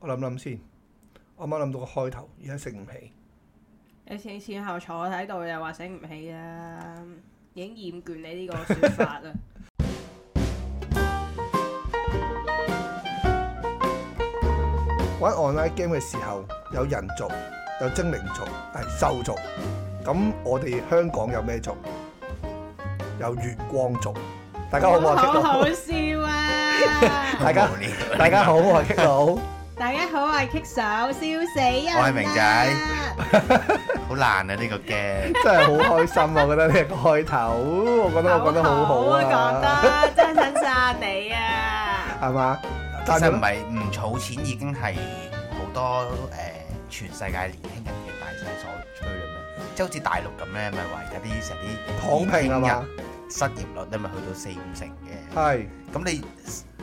我諗諗先，我啱啱諗到個開頭，而家醒唔起。你前前後坐喺度又話醒唔起啦，已經厭倦你呢個說法啦。玩 online game 嘅時候，有人族、有精靈族、係獸族。咁我哋香港有咩族？有月光族。大家好啊，我係 Kiko。好笑啊！大家大家好啊，我係 Kiko。大家好，我係 Kick So，笑死人！我係明仔，好難啊呢個 game，真係好開心，我覺得呢個開頭，我覺得我覺得好好啊，覺得真係想殺你啊，係嘛？但係唔係唔儲錢已經係好多誒，全世界年輕人嘅大勢所趨啦？咩？即係好似大陸咁咧，咪話有啲成啲躺平失業率你咪去到四五成嘅？係，咁你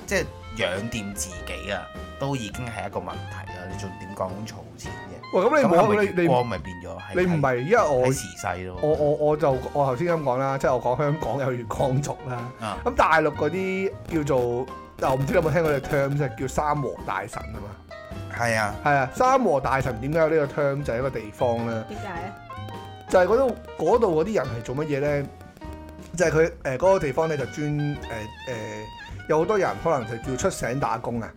即係養掂自己啊？都已經係一個問題啦！你仲點講咁儲錢嘅？喂，咁你唔係你不月光咪變咗？你唔係，因為我睇時勢咯。我我我就我頭先咁講啦，即係我講香港有月光族啦。咁、嗯、大陸嗰啲叫做，但我唔知你有冇聽過嗰啲 term 啫，叫三和大神啊嘛。係啊，係啊，三和大神點解有呢個 term 就係一個地方咧？點解咧？就係嗰度嗰度啲人係做乜嘢咧？就係佢誒嗰個地方咧，就專誒誒、呃呃、有好多人可能就叫出省打工啊。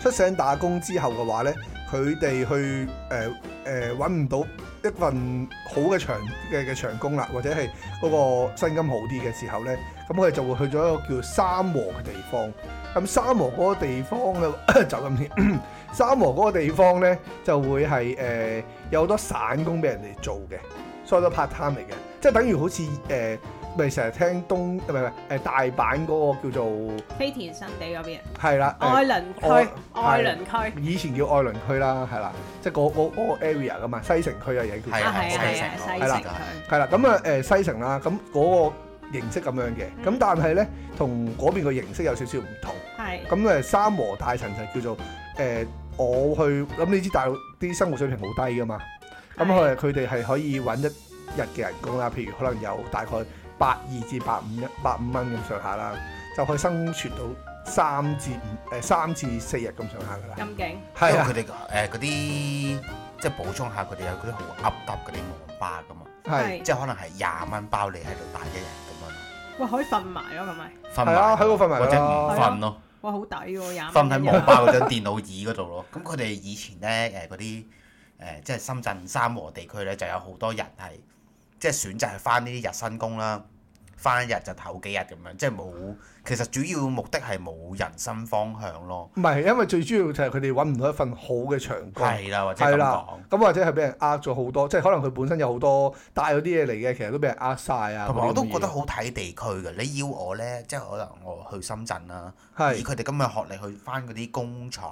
出省打工之後嘅話咧，佢哋去誒誒揾唔到一份好嘅長嘅嘅長工啦，或者係嗰個薪金好啲嘅時候咧，咁佢哋就會去咗一個叫三和嘅地方。咁三和嗰個地方咧就咁先。三和嗰個地方咧就會係誒、呃、有好多散工俾人哋做嘅，所有都 part time 嚟嘅，即係等於好似誒。呃咪成日聽東唔係唔係，誒大阪嗰個叫做飛田新地嗰邊，係啦，愛鄰區愛鄰區，以前叫愛鄰區啦係啦，即係嗰嗰嗰個 area 噶嘛，西城區啊嘢叫西城係啦，咁啊誒西城啦咁嗰個形式咁樣嘅咁，但係咧同嗰邊個形式有少少唔同係咁誒。三和大神就叫做誒，我去諗你知，大陸啲生活水平好低噶嘛，咁佢佢哋係可以揾一日嘅人工啦，譬如可能有大概。八二至八五一，八五蚊咁上下啦，就可以生存到三至五，誒三至四日咁上下噶啦。咁勁？係佢哋誒嗰啲即係補充下佢哋有嗰啲好噏噏嗰啲網吧噶嘛。係，Okay. 即係可能係廿蚊包你喺度打一日咁樣。喂，可以瞓埋咯咁咪？瞓埋了，喺度瞓埋或者唔瞓咯。哇！好抵喎，廿蚊。瞓喺網吧嗰張電腦椅嗰度咯。咁佢哋以前咧誒嗰啲誒即係深圳三和地區咧就有好多人係。即係選擇係返呢啲日薪工啦，返一日就唞幾日咁樣，即係冇。其實主要目的係冇人生方向咯。唔係，因為最主要就係佢哋揾唔到一份好嘅長工。係啦，或者咁講。咁或者係俾人呃咗好多，即係可能佢本身有好多帶有啲嘢嚟嘅，其實都俾人呃晒啊。同埋我都覺得好睇地區嘅。你要我呢，即係可能我去深圳啦、啊，的以佢哋今日學歷去返嗰啲工廠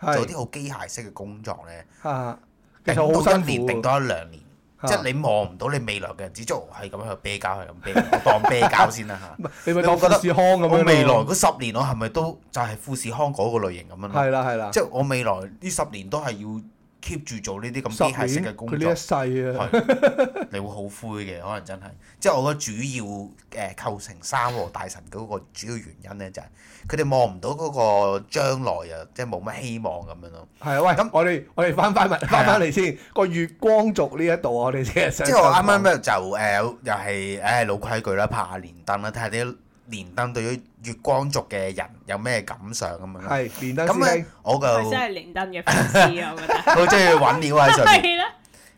啊，的做啲好機械式嘅工作呢。其實好辛苦。定多，多一兩年。即係你望唔到你未來嘅，人，只足係咁樣啤膠，係咁啤，我當啤膠先啦吓？ 你咪當是富士康咁樣，我未來嗰十年，我係咪都就係富士康嗰個類型咁樣咧？係啦，係啦。即 係我未來呢十年都係要。keep 住做呢啲咁機械式嘅工作，一世啊是， 你會好灰嘅，可能真係。即係我覺得主要誒、呃、構成三和大神嗰個主要原因咧，就係佢哋望唔到嗰個將來啊，即係冇乜希望咁樣咯。係啊，喂，咁那我哋我哋翻翻物翻翻嚟先，啊、個月光族呢一度我哋先。即係我啱啱咧就誒、呃、又係誒、哎、老規矩啦，拍下連登啦，睇下啲。連登對於月光族嘅人有咩感想啊？嘛係連登師兄，佢真係連登嘅 fans 啊！我覺得佢中意揾料喺上面。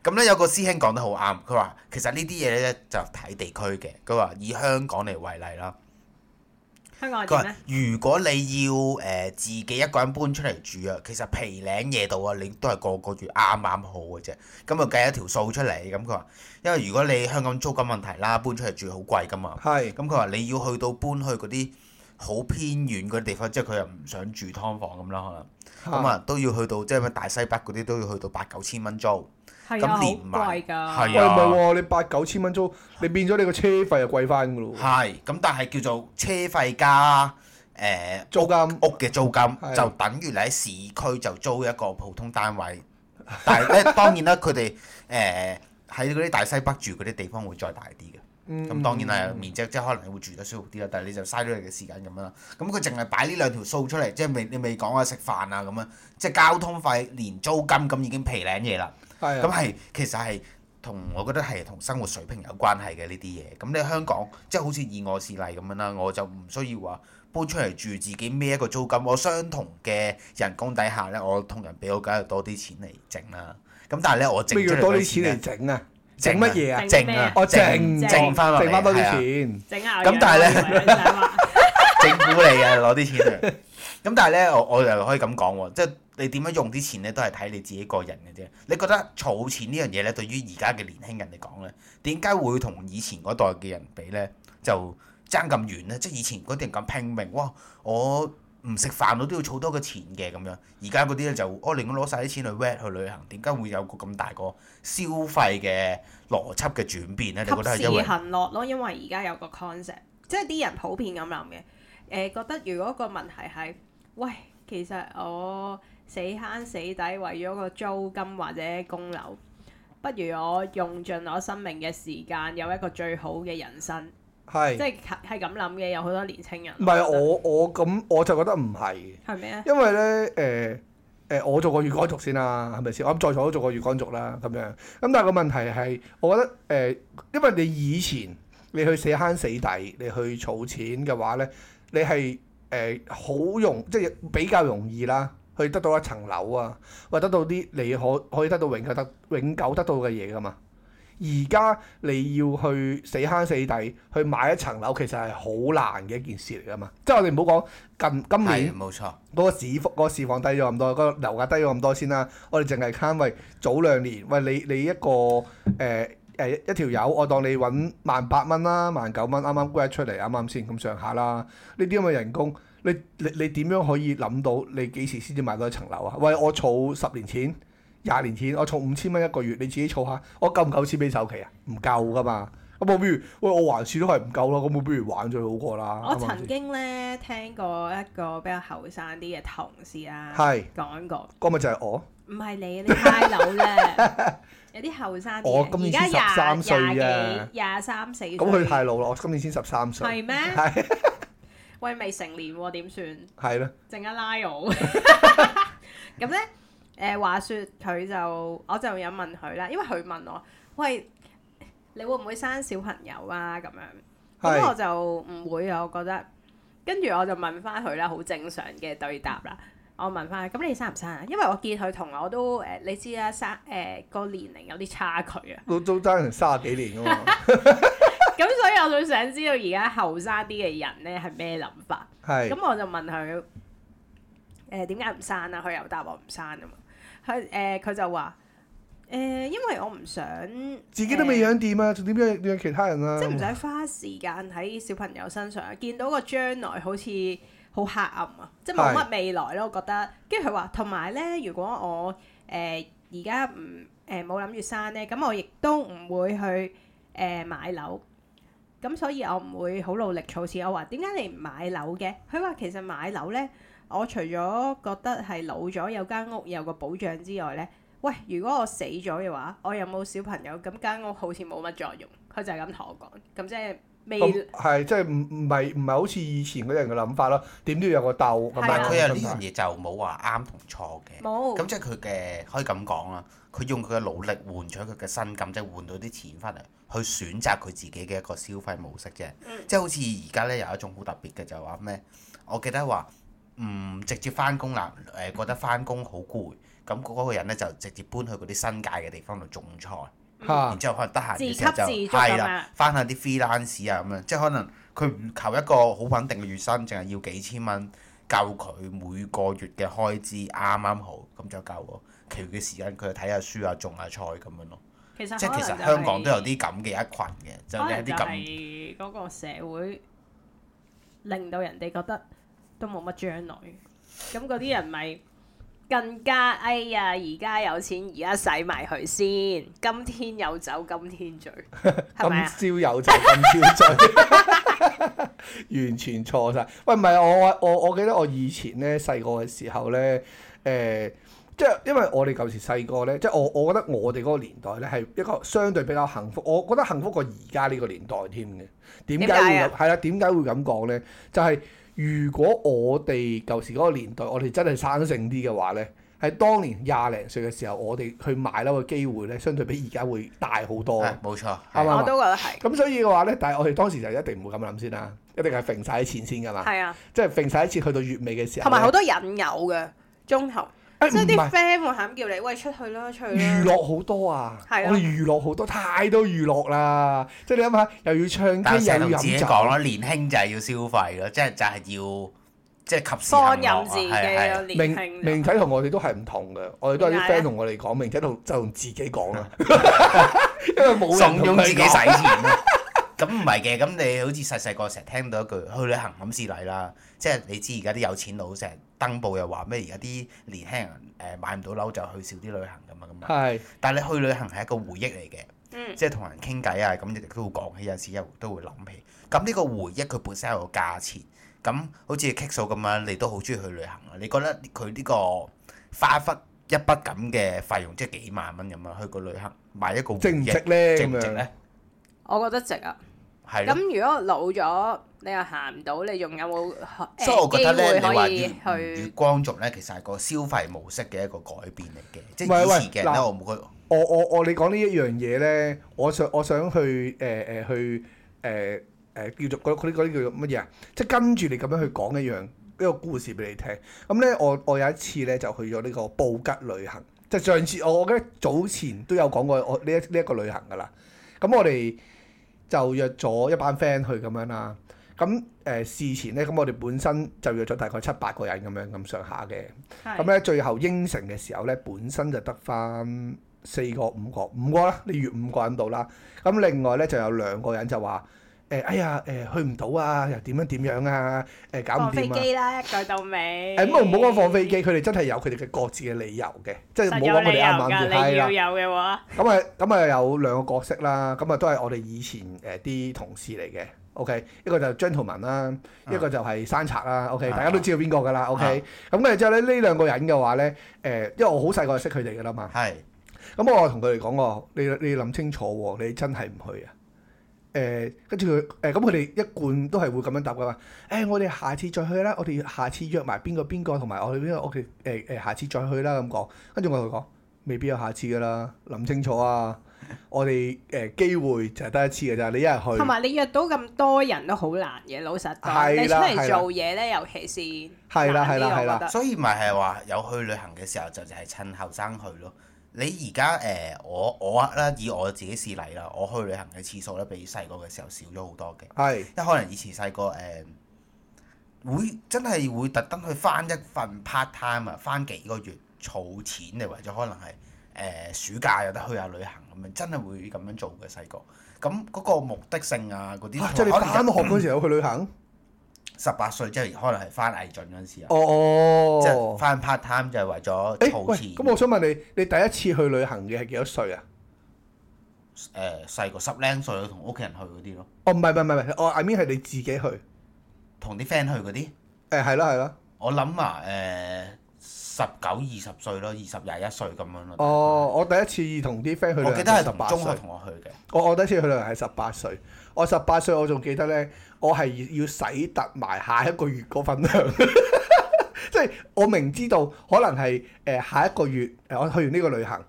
咁咧 吧有個師兄講得好啱，佢話其實呢啲嘢咧就睇地區嘅。佢話以香港嚟為例啦，香港點咧？如果你要誒自己一個人搬出嚟住啊，其實皮嶺夜度啊，你都係個個月啱啱好嘅啫。咁啊計一條數出嚟，咁佢話。因為如果你香港租金問題啦，搬出嚟住好貴噶嘛，係，咁佢話你要去到搬去嗰啲好偏遠嗰啲地方，即係佢又唔想住劏房咁啦，可能，咁啊、嗯、都要去到即係、就是、大西北嗰啲都要去到八九千蚊租，咁連埋，連完啊、貴㗎，喂唔係喎，你八九千蚊租，你變咗你個車費又貴翻㗎咯，係、啊，咁但係叫做車費加，誒、呃、租金屋嘅租金、啊、就等於你喺市區就租一個普通單位， 但係咧當然啦，佢哋誒。呃呃喺嗰啲大西北住嗰啲地方會再大啲嘅，咁、嗯、當然啦、嗯、面積即係可能你會住得舒服啲啦，但係你就嘥咗你嘅時間咁樣啦。咁佢淨係擺呢兩條數出嚟，即係未你未講啊食飯啊咁樣，即係交通費連租金咁已經皮零嘢啦。咁係的其實係同我覺得係同生活水平有關係嘅呢啲嘢。咁你香港即係好似以我示例咁樣啦，我就唔需要話搬出嚟住自己孭一個租金。我相同嘅人工底下咧，我通常畀我梗係多啲錢嚟整啦。咁但係咧，我整出嚟啊！咩要多啲錢嚟整啊？整乜嘢啊？整啊！我整整翻，整翻多啲錢。咁、啊、羊但係咧，整蠱 你啊！攞啲錢嚟。咁 但係咧，我我又可以咁講喎，即、就、係、是、你點樣用啲錢咧，都係睇你自己個人嘅啫。你覺得儲錢呢樣嘢咧，對於而家嘅年輕人嚟講咧，點解會同以前嗰代嘅人比咧？就爭咁遠咧，即係以前嗰啲人咁拼命，哇！我唔食飯我都要儲多個錢嘅咁樣，而家嗰啲咧就、哦、我寧願攞晒啲錢去 red 去旅行，點解會有個咁大個消費嘅邏輯嘅轉變呢？你覺得係因為？及時行樂咯，因為而家有個 concept，即係啲人普遍咁諗嘅。誒、呃，覺得如果個問題係，喂，其實我死慳死抵為咗個租金或者供樓，不如我用盡我生命嘅時間，有一個最好嘅人生。係，是即係係咁諗嘅，有好多年輕人。唔係我我咁我就覺得唔係。係咩啊？因為咧誒誒，我做過月光族先啦，係咪先？我諗在座都做過月光族啦，咁樣。咁但係個問題係，我覺得誒、呃，因為你以前你去死慳死底，你去儲錢嘅話咧，你係誒好容易，即係比較容易啦，去得到一層樓啊，或者得到啲你可可以得到永久得永久得到嘅嘢㗎嘛。而家你要去死慳死抵去買一層樓，其實係好難嘅一件事嚟㗎嘛。即係我哋唔好講近今年，冇錯，嗰個市幅、嗰個、市況低咗咁多，嗰、嗰個樓價低咗咁多先啦、啊。我哋淨係慳喂，早兩年，喂你你一個誒誒、呃、一,一,一條友，我當你揾萬八蚊啦，萬九蚊，啱啱 grad 出嚟，啱啱先咁上下啦。呢啲咁嘅人工，你你你點樣可以諗到你幾時先至買到一層樓啊？喂，我儲十年錢。廿年前我儲五千蚊一個月，你自己儲下，我夠唔夠錢俾首期啊？唔夠噶嘛？咁我不如，喂我還住都係唔夠咯，咁我不如玩最好過啦。我曾經咧聽過一個比較後生啲嘅同事啊，係講過，嗰咪就係我，唔係你你太老啦，有啲後生。我今年先十三歲啊，廿三四。咁佢太老啦，我今年先十三歲。係咩？係。喂，未成年點算？係咯。淨係拉我。咁咧？誒話説佢就我就有問佢啦，因為佢問我：喂，你會唔會生小朋友啊？咁樣咁是我就唔會啊，我覺得。跟住我就問翻佢啦，好正常嘅對答啦。我問翻佢：咁你生唔生啊？因為我見佢同我都誒，你知啦、啊，生誒、呃那個年齡有啲差距啊。都爭成三十幾年噶嘛。咁所以我就想知道而家後生啲嘅人咧係咩諗法？係是。咁我就問佢：誒點解唔生啊？佢又答我唔生啊嘛。係誒，佢、呃、就話誒、呃，因為我唔想、呃、自己都未養掂啊，仲點樣養其他人啊？即係唔使花時間喺小朋友身上， 見到個將來好似好黑暗啊，即係冇乜未來咯、啊。我覺得。跟住佢話，同埋咧，如果我誒而家唔誒冇諗住生咧，咁我亦都唔會去誒、呃、買樓。咁所以我，我唔會好努力儲錢。我話點解你唔買樓嘅？佢話其實買樓咧。我除咗覺得係老咗有間屋有個保障之外呢，喂，如果我死咗嘅話，我有冇小朋友？咁間屋好似冇乜作用。佢就係咁同我講，咁、嗯、即係未係即係唔唔係唔係好似以前嗰啲人嘅諗法咯？點都要有個竇。係啊，佢吧有呢樣嘢就冇話啱同錯嘅。冇咁有即係佢嘅可以咁講啊，佢用佢嘅努力換咗佢嘅薪金，即係換到啲錢翻嚟去選擇佢自己嘅一個消費模式啫。嗯、即係好似而家呢，有一種好特別嘅就話、是、咩？我記得話。唔、嗯、直接翻工啦，誒、呃、覺得翻工好攰，咁嗰個人咧就直接搬去嗰啲新界嘅地方度種菜，嗯、然之後可能得閒嘅就係啦，翻下啲 freelance 啊咁樣，即係可能佢唔求一個好穩定嘅月薪，淨係要幾千蚊夠佢每個月嘅開支啱啱好，咁就夠咯。其餘嘅時間佢睇下書啊，種下、啊、菜咁樣咯。其實即係、就是、其實香港都有啲咁嘅一群嘅，就係啲咁。嗰個社會令到人哋覺得。都冇乜將來，咁嗰啲人咪更加哎呀！而家有錢，而家使埋佢先，今天有酒今天醉，今宵有酒今朝醉， 完全錯晒。喂，唔係我我我記得我以前呢，細個嘅時候呢，誒，即係因為我哋舊時細個呢，即係我我覺得我哋嗰個年代呢係一個相對比較幸福，我覺得幸福過而家呢個年代添嘅。點解？係啦，點解會咁講呢？就係。如果我哋舊時嗰個年代，我哋真係生性啲嘅話呢，喺當年廿零歲嘅時候，我哋去買樓嘅機會呢，相對比而家會大好多。冇錯，係嘛吧？我都覺得係。咁所以嘅話呢，但係我哋當時就一定唔會咁諗先啦，一定係揈晒啲錢先㗎嘛。係啊，即係揈晒啲錢去到月尾嘅時候。同埋好多引誘嘅中途。即係啲 friend 會喊叫你喂出去咯，出去咯！出去娛樂好多啊，是的 我哋娛樂好多，太多娛樂啦。即係你諗下，又要唱歌，又要自己講咯，年輕就係要消費咯，即係就係、是、要即係、就是、及時飲酒。係係、就是，明輕同我哋都係唔同嘅，我哋都係啲 friend 同我哋講，明輕同就同自己講啊，為 因為冇用人同佢講。咁唔係嘅，咁你好似細細個成日聽到一句去旅行冚次禮啦，即係你知而家啲有錢佬成日登報又話咩？而家啲年輕人誒買唔到樓就去少啲旅行噶嘛，咁啊是。係。但係你去旅行係一個回憶嚟嘅，嗯、即係同人傾偈啊，咁你哋都會講起，有時又都會諗起。咁呢個回憶佢本身有個價錢，咁好似 Kissow 咁樣，你都好中意去旅行啊？你覺得佢呢個花忽一筆咁嘅費用，即係幾萬蚊咁啊，去個旅行買一個回憶，值唔值咧？值唔值咧？我覺得值啊。咁對如果老咗，你又行唔到，你仲有冇、欸、所以我覺得機會可以去月光族咧？其實係個消費模式嘅一個改變嚟嘅，即係以前嘅喂。我我我你講呢一樣嘢咧，我想我想去誒誒、呃、去誒誒、呃、叫做嗰啲啲叫做乜嘢啊？即、呃、係、呃就是、跟住你咁樣去講一樣一個故事俾你聽。咁咧，我我有一次咧就去咗呢個布吉旅行，即、就、係、是、上次我我記得早前都有講過我呢一呢一個旅行噶啦。咁我哋。就約咗一班 friend 去咁樣啦，咁誒、呃、事前咧，咁我哋本身就約咗大概七八個人咁樣咁上下嘅，咁咧是最後應承嘅時候咧，本身就得返四個五個，五個啦，你預五個人到啦，咁另外咧就有兩個人就話，誒、哎呀、誒，去唔到啊，又點樣點樣啊，誒，搞唔掂啊！放飛機啦，一句到尾，誒，唔好唔好講放飛機，佢哋真係有佢哋嘅各自嘅理由嘅，即係唔好講佢哋啱唔啱。係啦。有嘅話咁啊，咁啊有兩個角色啦，咁啊，都係我哋以前誒、啲同事嚟嘅。OK，一個就張圖文啦，嗯、一個就係山賊啦。OK，、嗯、大家都知道邊個噶啦。OK，咁跟住之後咧，呢、嗯嗯、兩個人嘅話咧，誒，因為我好細個識佢哋噶啦嘛。係。咁我同佢哋講喎，你，你諗清楚喎，你真係唔去啊！誒，跟住佢誒，咁佢哋一貫都係會咁樣答噶嘛。誒、欸，我哋下次再去啦，我哋下次約埋邊個邊個，同埋我哋邊個屋企誒誒，下次再去啦咁講。跟住我同佢講，未必有下次噶啦，諗清楚啊！我哋誒、欸、機會就係得一次嘅咋，你一係去，同埋你約到咁多人都好難嘅，老實講。係啦，你出嚟做嘢咧，係啦，尤其是係啦，係啦，係啦。我覺得所以咪係係話有去旅行嘅時候就係趁後生去咯。你而家誒我我啦，以我自己示例啦，我去旅行嘅次數咧，比細個嘅時候少咗好多嘅。係是，因為可能以前細個誒會真係會特登去翻一份 part time 啊，翻幾個月儲錢或者可能係誒、呃、暑假有得去下旅行咁樣，真係會咁樣做嘅細個。咁嗰個目的性啊嗰啲，啊，即係你翻學嗰時候有去旅行。十八歲即係可能係返藝進嗰陣時哦，oh、即係返 part time 就係為咗措錢。咁、欸、我想問你，你第一次去旅行嘅係幾多歲啊？誒，細個十零歲同屋企人去嗰啲咯。哦，唔係唔係唔係，我 I mean 係你自己去，同啲 friend 去嗰啲。誒、欸，係咯係咯。我諗啊，誒、呃，十九二十歲咯，二十廿一歲咁樣咯。哦，吧我第一次同啲 friend 去旅行，我記得係十八歲同同學去嘅。我我第一次去旅行係十八歲，我十八歲我仲記得咧。我係要洗突埋下一個月嗰份糧，即係我明知道可能係誒下一個月誒我去完呢個旅行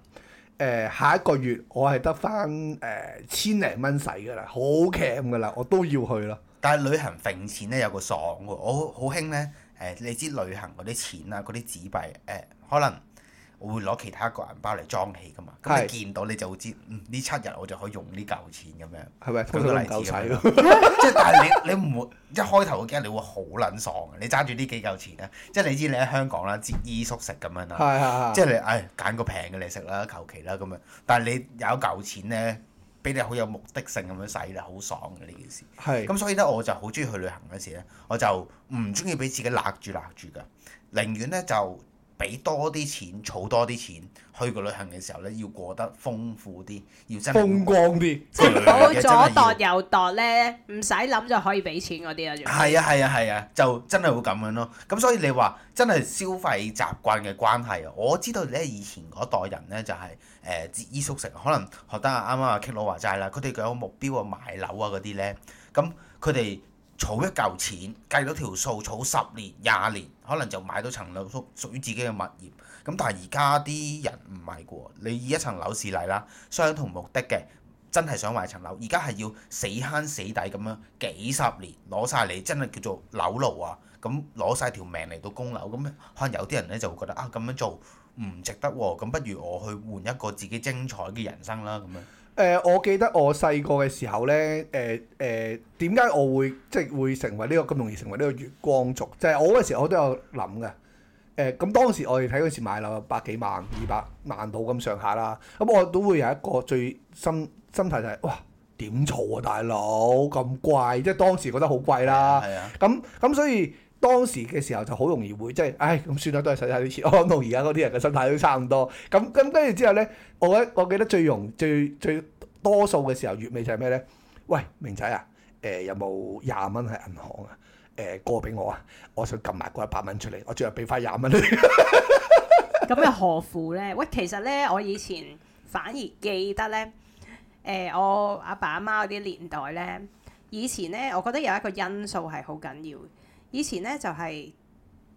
誒下一個月我係得翻誒千零蚊使㗎啦，好慘㗎啦，我都要去咯。但係旅行揈錢咧有個爽喎，我好興咧誒，你知旅行嗰啲錢啦，嗰啲紙幣誒可能。我會攞其他一個銀包嚟裝起㗎嘛，咁、嗯、你是見到你就會知，嗯呢七日我就可以用呢嚿錢咁樣，係咪是？舉個例子咁樣，即係但係你你唔會一開頭嘅時候你會好撚爽嘅，你揸住呢幾嚿錢咧，即係你知你喺香港啦，節衣縮食咁樣啦，即係你誒揀個平嘅嚟食啦，求其啦咁樣，但係你有嚿錢咧，俾你好有目的性咁樣使咧，好爽嘅呢件事。咁是、嗯、所以咧，我就好中意去旅行嗰時咧，我就唔中意俾自己揦住揦住㗎，寧願咧就。就俾多啲錢，儲多啲錢，去個旅行嘅時候咧，要過得豐富啲，要真係風光啲，即係 左度右度呢，唔使諗就可以俾錢嗰啲啊！係啊係啊係啊，就真係會咁樣咯。咁所以你話真係消費習慣嘅關係啊！我知道咧，以前嗰代人呢、就是，就係誒節衣縮食，可能學得啱啱阿 Kelvin 話齋啦，佢哋有目標啊買樓啊嗰啲呢，咁佢哋。儲一嚿錢，計到條數，儲十年、廿年，可能就買到層樓屬屬於自己嘅物業。咁但係而家啲人唔係喎，你以一層樓示例啦，相同目的嘅，真係想買層樓，而家係要死慳死抵咁樣，幾十年攞晒你，真係叫做樓奴啊！咁攞晒條命嚟到供樓，咁可能有啲人咧就會覺得啊，咁樣做唔值得喎，咁不如我去換一個自己精彩嘅人生啦咁樣。誒、呃，我記得我細個嘅時候咧，誒、呃、誒，點、呃、解我會即係會成為呢、這個咁容易成為呢個月光族？就係、是、我嗰時我都有諗嘅。誒、呃，咁當時我哋睇嗰時買樓，百幾萬、二百萬到咁上下啦。咁我都會有一個最心心態就係、是：哇，點做啊，大佬咁貴！即係當時覺得好貴啦。係啊。咁咁，所以。當時嘅時候就好容易會即係，唉咁算啦，都係使晒啲錢。我諗到而家嗰啲人嘅心態都差唔多。咁咁跟住之後咧，我我記得最容最最多數嘅時候，月尾就係咩咧？喂，明仔啊，誒、呃、有冇廿蚊喺銀行啊？誒、呃、過俾我啊，我想撳埋嗰一百蚊出嚟，我最後俾翻廿蚊。咁又何苦咧？喂，其實咧，我以前反而記得咧，誒、呃、我阿爸阿媽嗰啲年代咧，以前咧，我覺得有一個因素係好緊要。以前咧就係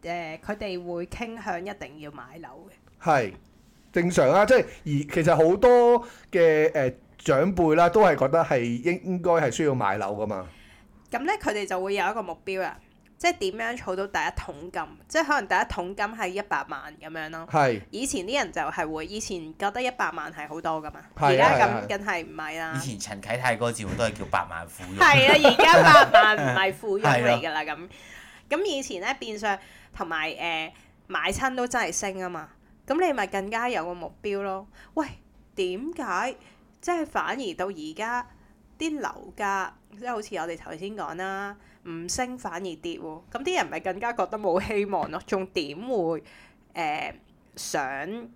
誒佢哋會傾向一定要買樓嘅，係正常啊！即係而其實好多嘅誒長輩啦，都係覺得係應該係需要買樓噶嘛呢。咁咧佢哋就會有一個目標啊，即係點樣儲到第一桶金？即係可能第一桶金係一百萬咁樣咯。係是 以前啲人就係會以前覺得一百萬係好多噶嘛，而家咁梗係唔係啦？以前陳啟泰嗰個詞都係叫八萬裕 百萬富翁，係啊！而家百萬唔係富翁嚟㗎啦咁。咁以前咧變相同埋誒買親都真係升啊嘛，咁你咪更加有個目標咯。喂，點解即係反而到而家啲樓價即係、就是、好似我哋頭先講啦，唔升反而跌喎？咁啲人咪更加覺得冇希望咯，仲點會誒、呃、想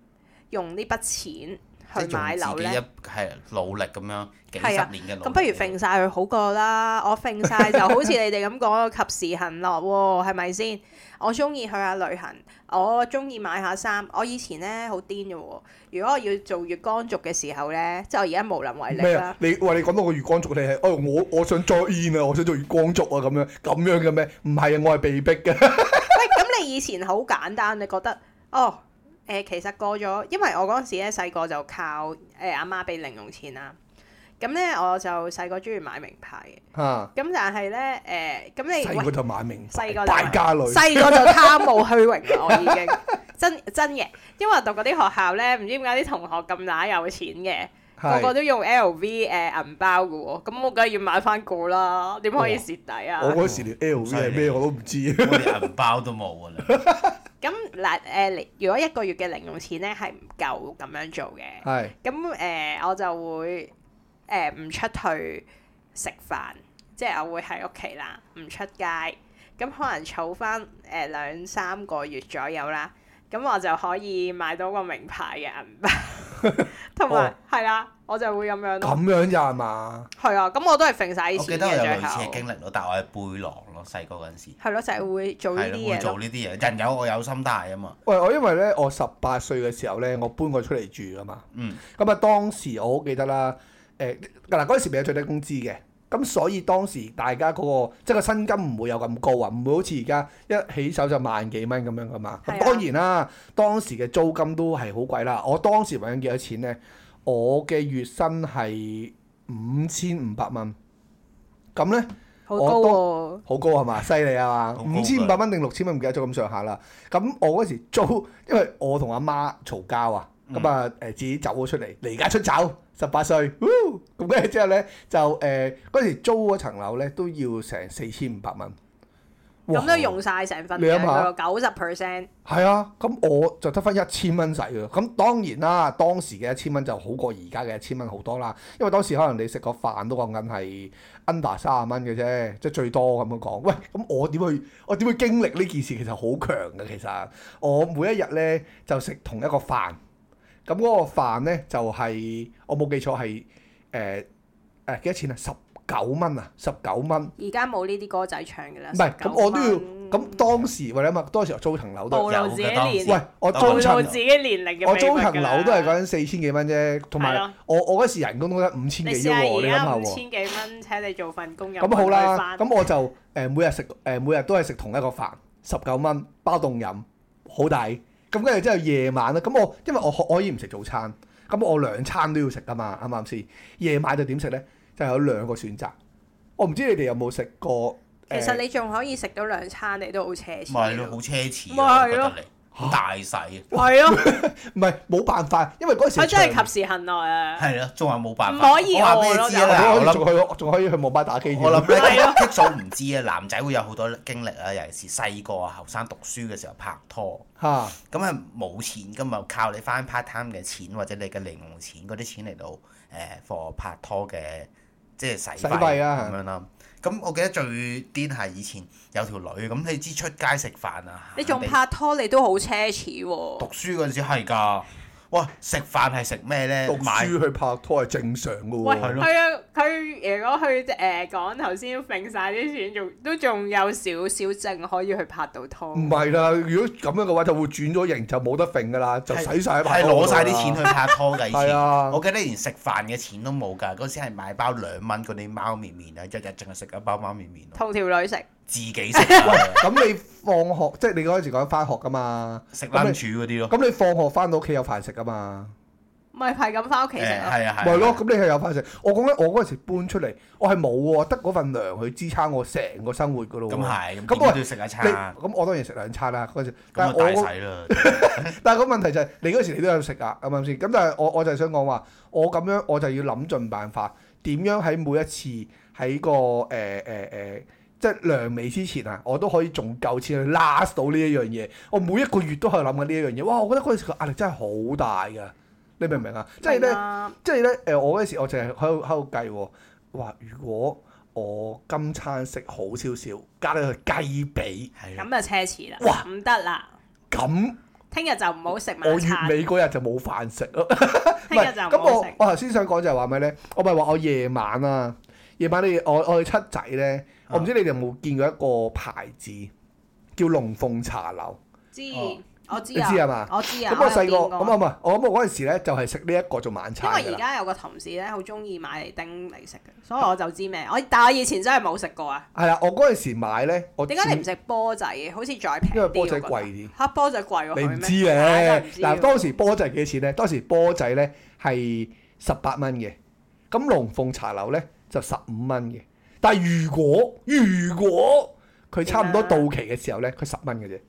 用呢筆錢？去買樓一係努力咁樣幾十年嘅努力。咁不如揈晒佢好過啦。我揈晒就好似你哋咁講， 及時行樂喎、哦，係咪先？我中意去下旅行，我中意買下衫。我以前咧好癲嘅喎。如果我要做月光族嘅時候咧，即係我而家無能為力啦。啊？你話你講到個月光族，你係哦、哎，我我想 join 啊，我想做月光族啊，咁樣咁樣嘅咩？唔係啊，我係被逼嘅。 喂，咁你以前好簡單，你覺得哦？誒，其實過咗，因為我嗰陣時咧細個就靠誒阿媽俾零用錢啦。咁咧我就細個中意買名牌嘅。啊。咁但係咧誒，咁、呃、你細個就買名，細個喂大家女，細個就貪慕虛榮啦。 我已經真真嘅，因為讀嗰啲學校咧，唔知點解啲同學咁乸有錢嘅，個是個都用 LV 誒、呃、銀包噶喎。咁、嗯、我梗係要買翻個啦，點可以蝕底啊？哦、我嗰時連 LV 咩我都唔知、哦哦，我連銀包都冇啊。咁嗱誒，如果一個月嘅零用錢咧係唔夠咁樣做嘅，咁誒係、呃、我就會誒唔、呃、出去食飯，即係我會喺屋企啦，唔出街，咁可能儲翻誒、呃、兩三個月左右啦。咁我就可以買到個名牌嘅銀包，同埋係啦，我就會咁樣。咁樣咋係嘛？係啊，咁我都係揈曬錢嘅最後。我，記得我有類似嘅經歷咯，後但係我係背囊咯，細個嗰陣時。係咯，成日會做呢啲嘢。係做呢啲嘢， 人有我有心態啊嘛。喂，我因為咧，我十八歲嘅時候咧，我搬過出嚟住噶嘛。嗯。咁啊、嗯，嗯、當時我好記得啦，誒嗱嗰陣時未有最低工資嘅。咁、嗯、所以當時大家嗰、嗰個即係個薪金唔會有咁高啊，唔會好似而家一起手就萬幾蚊咁樣噶嘛。啊、當然啦，當時嘅租金都係好貴啦。我當時揾緊幾多錢咧？我嘅月薪係五千五百蚊。咁咧，我都好高係嘛？犀利啊嘛！五千五百蚊定六千蚊唔記得咗咁上下啦。咁我嗰時租，因為我同阿媽嘈交啊。咁啊，誒自己走咗出嚟離家出走，十八歲，咁跟住之後呢，就誒嗰、呃、時租嗰層樓呢都要成四千五百蚊，咁哇都用晒成份嘅，九十 percent。係啊，咁我就得翻一千蚊使嘅，咁當然啦，當時嘅一千蚊就好過而家嘅一千蚊好多啦，因為當時可能你食個飯都講緊係 under 三十蚊嘅啫，即係最多咁樣講。喂，咁我點會我點會經歷呢件事？其實好強嘅，其實我每一日呢，就食同一個飯。咁嗰個飯咧就係、是、我冇記錯係誒誒幾多錢啊？十九蚊啊，十九蚊。而家冇呢啲歌仔唱嘅啦。唔係，咁我都要咁、嗯、當時或者乜？當時我租層樓都有嘅。喂，我租層樓自己年齡，我租層樓都係講緊四千幾蚊啫。同埋我我嗰時，了時人工都得五千幾喎。你諗下而家五千幾蚊請你做份工有咁好啦？咁我就誒、呃呃呃、每日食誒每日都係食同一個飯，十九蚊包凍飲，好抵。咁跟住之後夜晚啦，咁我因為我可以唔食早餐，咁我兩餐都要食噶嘛，啱唔啱先？夜晚就點食咧？就有兩個選擇。我唔知你哋有冇食過。其實你仲可以食到兩餐，你都好奢侈。唔係咯，好奢侈。唔係咯。大洗啊！係咯，唔係冇辦法，因為嗰時我真係及時行耐啊。係吓啊，仲話冇辦法，唔可以話咩知啊。我諗仲可仲可以去網吧打機。吓吓我諗係啊，激素唔知啊，男仔會有好多經歷啊，尤其是細個啊、後生讀書嘅時候拍拖嚇，咁啊冇錢㗎嘛，靠你返 part time 嘅錢或者你嘅零用錢嗰啲錢嚟到誒 for 拍拖嘅即係使使費啊咁樣啦。咁我記得最癲係以前有條女，咁你知出街食飯啊，你仲拍拖，你都好奢侈喎，哦。讀書嗰陣時係㗎。哇！食飯係食咩咧？讀書去拍拖係正常嘅喎。喂，佢啊的，佢如果去誒講頭先揈晒啲錢，仲都仲有少少剩可以去拍到拖。唔係啦，如果咁樣嘅話，就會轉咗型就，是就冇得揈㗎啦，就使晒。係攞晒啲錢去拍拖嘅。係啊 的，我記得連食飯嘅錢都冇㗎。嗰時係買包兩蚊嗰啲貓麵麵啊，日日淨係食一包貓麵麵。同條女食。自己食、啊。咁 你放學，即、就、係、是、你嗰陣時講翻學㗎嘛？食班煮嗰啲咯。咁你放學翻到屋企有飯食㗎嘛？咪係咁翻屋企食咯。係、哎、啊咪咯，咁、啊啊、你係有飯食。我講緊，我嗰陣時搬出嚟，我係冇喎，得嗰份糧去支撐我成個生活㗎咯。咁係、嗯。咁我、啊、都要食一餐。咁我，我當然食兩餐啦嗰陣時。咁啊但係個 問題就係，你嗰陣時你都有食㗎，係咪先？咁但係我我就係想講話，我咁樣我就要諗盡辦法，點樣喺每一次喺個誒誒誒。呃呃呃呃呃即係糧尾之前啊，我都可以仲夠錢去 last 到呢一樣嘢。我每一個月都係諗緊呢一樣嘢。哇！我覺得嗰陣時個壓力真係好大嘅。你明唔明啊？即係咧，啊、即係咧。誒，我嗰時我淨係喺度喺度計喎。哇，如果我今餐食好少少，加你去雞髀，咁、啊、就奢侈哇啦。哇樣！唔得啦。咁聽日就唔好食晚餐。我月尾嗰日就冇飯食咯。聽 日就唔好咁我我頭先想講就係話咩咧？我咪話我夜晚啊。夜晚你我我哋七仔咧，我唔知你哋有冇見過一個牌子叫龍鳳茶樓。知我知，你知係嘛？我知啊。咁我細個，唔唔唔，我咁我嗰陣時咧就係食呢一個做晚餐。因為而家有個同事咧，好中意買嚟叮嚟食嘅，所以我就知咩。我但我以前真係冇食過啊。係啊，我嗰陣時買咧，我點解你唔食波仔？好似再平，因為波仔貴啲。黑波仔貴喎，你唔知咧。嗱，當時波仔係幾錢咧？當時波仔咧係十八蚊嘅。咁龍鳳茶樓咧？就十五蚊嘅，但係如果如果佢差唔多到期嘅時候呢，佢十蚊嘅啫。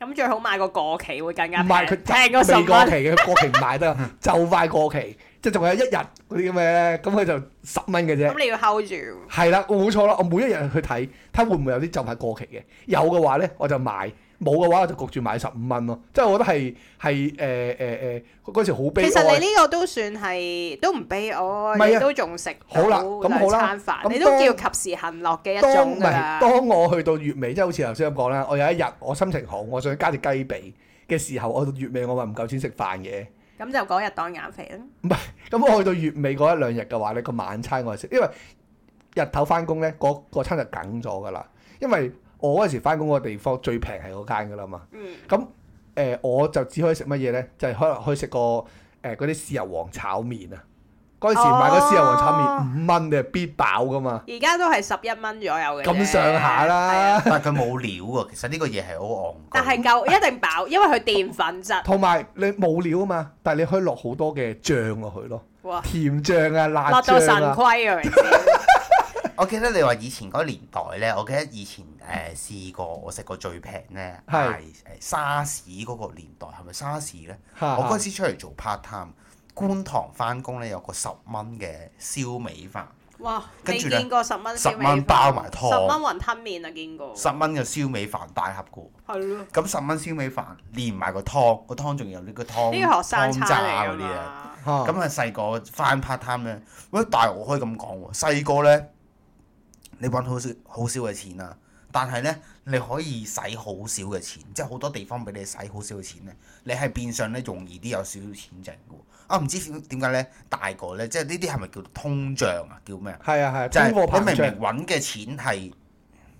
咁最好買個過期會更加。唔係，佢正個十蚊。未過期嘅， 過期唔買得，就快過期，即係仲有一日嗰啲咁嘅，咁佢就十蚊嘅啫。咁、嗯、你要 hold 住。係啦，我冇錯啦，我每一日去睇，睇會唔會有啲就快過期嘅，有嘅話呢，我就買。冇嘅話，我就焗住買十五蚊咯。即係我覺得係係誒誒誒嗰時好悲。其實你呢個都算係都唔悲哀，你都仲食好啦，咁好啦。咁你都叫及時行樂嘅一種啊。當當我去到月尾，即係好似頭先咁講啦。我有一日我心情好，我想加隻雞髀嘅時候，我到月尾我話唔夠錢食飯嘅。咁就嗰日當減肥啦。唔係，咁我去到月尾嗰一兩日嘅話咧，個晚餐我係食，因為日頭翻工咧，嗰餐就梗咗噶啦，因為。我嗰時翻工個地方最平係嗰間噶啦嘛，咁誒、嗯呃、我就只可以食乜嘢咧？就係可能去食個誒嗰啲豉油王炒麵啊！嗰時買個豉油王炒麵五蚊你係，必飽噶嘛。而家都係十一蚊左右嘅，咁上下啦。但係佢冇料喎，其實呢個嘢係好昂。但係夠一定飽，因為佢澱粉質。同埋你冇料啊嘛，但係你可以落好多嘅醬落去咯。哇！甜醬啊，辣到腎虧啊。 我記得你話以前嗰年代咧，我記得以前誒、呃、試過我食過最平咧，係誒是、呃、沙士嗰個年代，係咪沙士咧？是是，我嗰陣時出嚟做 part time，觀塘返工咧，有個十蚊嘅燒味飯。哇！跟住咧十蚊十蚊，包埋湯。十蚊雲吞麵啊，見過。十蚊嘅燒味飯大盒嘅。係咯的。咁十蚊燒味飯連埋個湯，湯個湯仲有呢個湯湯渣嗰啲啊。咁啊細個返 part time 咧，喂！但係我可以咁講喎，細個咧。你揾好少好少嘅錢啦、啊，但係呢，你可以使好少嘅錢，即係好多地方俾你使好少嘅錢咧。你係變相呢，容易啲有少少錢剩嘅喎。啊，唔知點解呢？大個呢，即係呢啲係咪叫通脹啊？叫咩啊？係啊係，即係、就是、你明明揾嘅錢係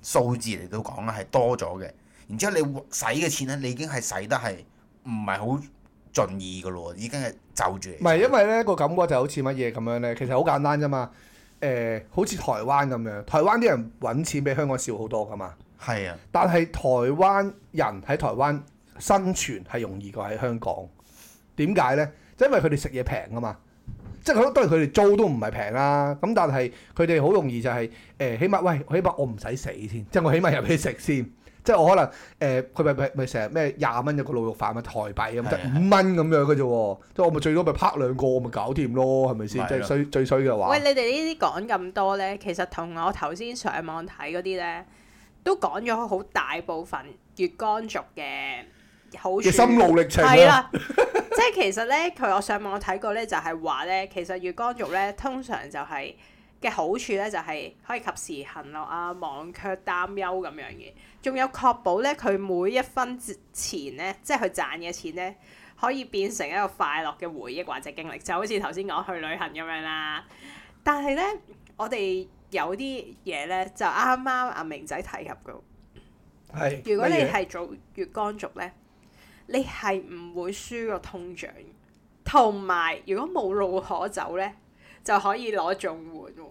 數字嚟到講啊，係多咗嘅。然之後你使嘅錢呢，你已經係使得係唔係好盡意嘅咯喎，已經係就住。唔係，因為呢、個感覺就好似乜嘢咁樣呢。其實好簡單啫嘛。誒好似台灣咁樣，台灣啲人揾錢比香港少好多噶嘛。係啊，但係台灣人喺台灣生存係容易過喺香港。點解咧？即係因為佢哋食嘢平啊嘛。即係都都係佢哋租都唔係平啦。咁但係佢哋好容易就係誒，起碼喂，起碼我唔使死先，即係我起碼入去食先。即係我可能誒，佢咪咪咪成日咩廿蚊一個鹵肉飯，咪台幣咁得五蚊咁樣嘅啫喎，即係的我咪最多咪拍兩個，咪搞掂咯，係咪先即係最衰最衰嘅話？喂，你哋呢啲講咁多咧，其實同我頭先上網睇嗰啲咧，都講咗好大部分月光族嘅好嘅心勞力長啦、啊了。即係 其實咧，佢我上網睇過咧，就係話咧，其實月光族咧通常就係、就。係嘅好處咧就係、是、可以及時行樂啊，忘卻擔憂咁樣嘅，仲有確保咧佢每一分錢咧，即係佢賺嘅錢咧，可以變成一個快樂嘅回憶或者經歷，就好似頭先講去旅行咁樣啦。但係咧，我哋有啲嘢咧就啱啱阿明仔提及嘅是，如果你係做月光族咧，你係唔會輸個通脹，同埋如果冇路可走咧，就可以攞綜援。